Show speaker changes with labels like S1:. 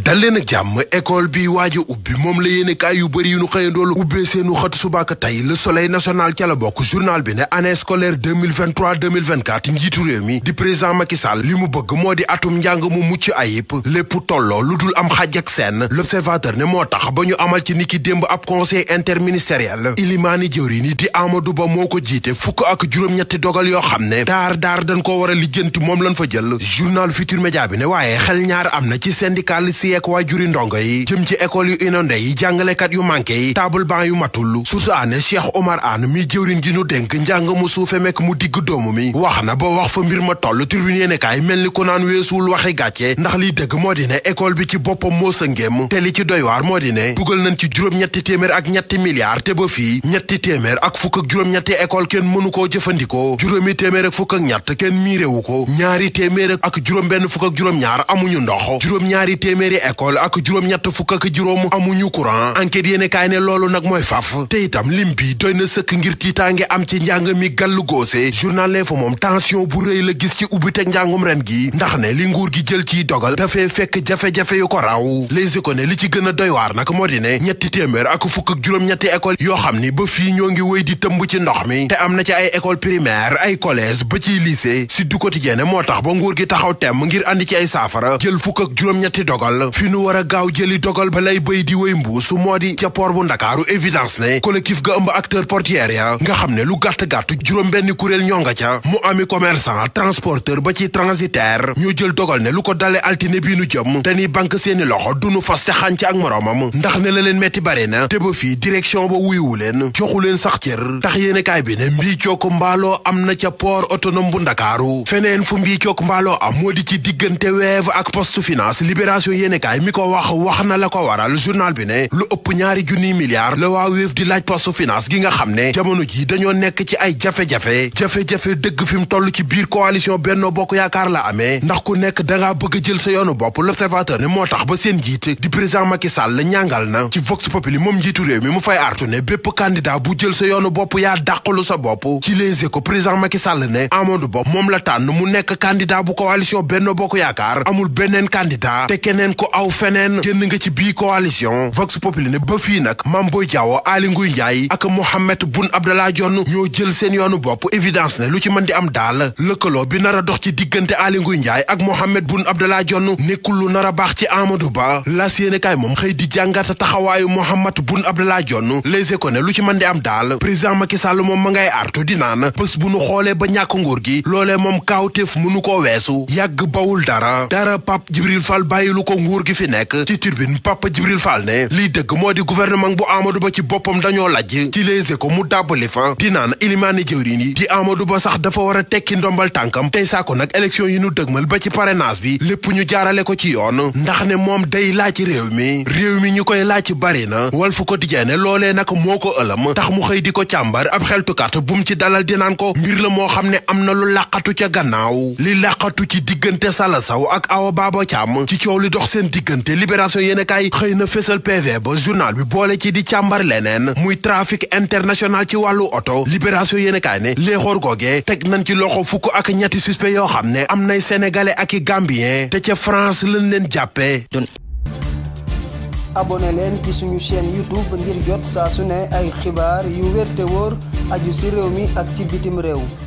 S1: dalee nag jàmm école bi waaj a ubbi moom la yéene kaay yu bëri yu nu xëyandoolu ubbee seenu xët subaka tey le soleil national ca la bokk journal bi ne année scolaire 2023 2024 njiitu réew mi di président Macky Sall li mu bëgg moo di atum njàng mu mucc ayib lépp tolloo lu dul am xaj ak seen l'observateur ne moo tax ba ñu amal ci niki démb ab conseil interministériel ilimaani jëwriñ yi di Amadou Ba moo ko jiite fukk ak juróom-ñetti dogal yoo xam ne daar daar dañ ko war a lijjanti moom lañ fa jël journal Futur Média bi ne waaye xel na ci syndicaliste activiste yeek waajuri ndongo yi jëm ci école yu inondé yi jàngalekat yu manqué yi table banc yu matul source aane Cheikh Omar Anne mi jëwriñ gi ñu dénk njàng mu suufe mekk mu digg doomu mi wax na ba wax fa mbir ma toll tribune yéene kaay mel ni ko naan weesuwul waxi gàcce ndax liy dëgg moo di ne école bi ci boppam moo sa ngéem te li ci doy waar moo di ne dugal nañ ci juróom-ñetti téeméer ak ñetti milliards te ba fii ñetti téeméer ak fukk ak juróom-ñetti école kenn mënu koo jëfandikoo juróomi fukk ak ñett kenn ko ñaari téeméer ak juróom benn fukk ak juróom-ñaar amuñu ndox téeméeri école ak juróom-ñett fukk ak juróom amuñu courant enquête yéen kaay ne loolu nag mooy faaf te itam lim bi doy na sëkk ngir tiitaange am ci njàng mi gàllu góose journal l'info moom tension bu rëy la gis ci ubbite njàngum ren gi ndax ne li nguur gi jël ciy dogal dafee fekk jafe-jafe yu ko raw les écoles ne li ci gën a doy waar nag moo di ne ñetti téeméer ak fukk ak juróom-ñetti école yoo xam ni ba fii ñoo ngi wéy di tëmb ci ndox mi te am na ci ay école primaire ay collège ba ciy lycée Sud Quotidien moo tax ba nguur gi taxaw temm ngir andi ci ay saafara jël fukk ak juróom-ñetti dogal dogal fi nu war a gaaw jëli dogal ba lay béy di wéy mbuusu moo di ca port bu ndakaaru évidence ne collectif ga ëmb acteur portière ya nga xam ne lu gàtt-gàtt juróom benn kuréel ñoo nga ca mu ami commerçant transporteur ba ci transitaire ñoo jël dogal ne lu ko dale altine bii nu jëm dañuy banque seeni loxo dunu fas te xànc ak moroomam ndax ne la leen metti bare na te ba fii direction ba wuyuwu leen joxu leen sax cër tax yéenekaay bi ne mbii cook mbaaloo am na ca port autonome bu ndakaaru feneen fu mbii cook mbaaloo am moo di ci diggante Wave ak Poste Finance yéenekaay mi ko wax wax na la ko waral journal bi ne lu ëpp ñaari junniy milliards la waa Wave di laaj poste finance gi nga xam ne jamono ji dañoo nekk ci ay jafe-jafe jafe-jafe dëgg fi mu toll ci biir coalition Benno Bokk Yaakaar la amee ndax ku nekk dangaa bëgg jël sa yoonu bopp L'Observateur ne moo tax ba seen njiit di président Macky Sall la ñàngal na ci Vox Populi moom njiitu réew mi mu fay artu ne bépp candidat bu jël sa yoonu bopp yaa dàqalu sa bopp ci Les Échos président Macky Sall ne Amadou Ba moom la tànn mu nekk candidat bu coalition Benno Bokk Yaakaar ko aw feneen génn nga ci bii coalition Vox Populi ne ba fii nag Mame Boye Diao Aly Ngouille Ndiaye ak Mahammed Boun Abdallah Dionne ñoo jël seen yoonu bopp évidence ne lu ci mën di am daal lëkkaloo bi nar a dox ci diggante Aly Ngouille Ndiaye ak Mahammed Boun Abdallah Dionne nekkul lu nar a baax ci Amadou Ba las yéenekaay moom xëy di jàngata taxawaayu Mahammed Boun Abdallah Dionne Les Échos ne lu ci man di am daal président Macky Sall moom ma ngay artu di naan bés xoolee ba ñàkk nguur gi loolee moom kaawteef mënu koo weesu yàgg bawul dara nguur gi fi nekk ci turbine Papa Djibril Fall ne lii dëgg moo di gouvernement bu Amadou Ba ci boppam dañoo lajj ci les échos mu dàbbali fa di naan ilimaani jëwriñ yi di Amadou Ba sax dafa war a tekki ndombal tànkam tey saako nag élection yi nu dëgmal ba ci parrainage bi lépp ñu jaarale ko ci yoon ndax ne moom day laaj ci réew mi réew mi ñu koy laaj ci bari na Walf Quotidien ne loolee nag moo ko ëlëm tax mu xëy di ko càmbar ab xeltukat bu mu ci dalal di naan ko mbir la moo xam ne am na lu làqatu ca gannaaw li làqatu ci diggante Sala Sow ak seen diggante libération yéen kaay xëy na fésal PV ba journal bi boole ci di càmbar leneen muy trafic international ci wàllu oto libération yéen kaay ne léexoor googee teg nañ ci loxo fukk ak ñetti suspect yoo xam ne am nay sénégalais ak i gambien te ca France lañ leen jàppee. abonné leen ci suñu chaîne youtube ngir jot saa su ne ay xibaar yu wér wóor aju ci réew mi ak ci bitim réew.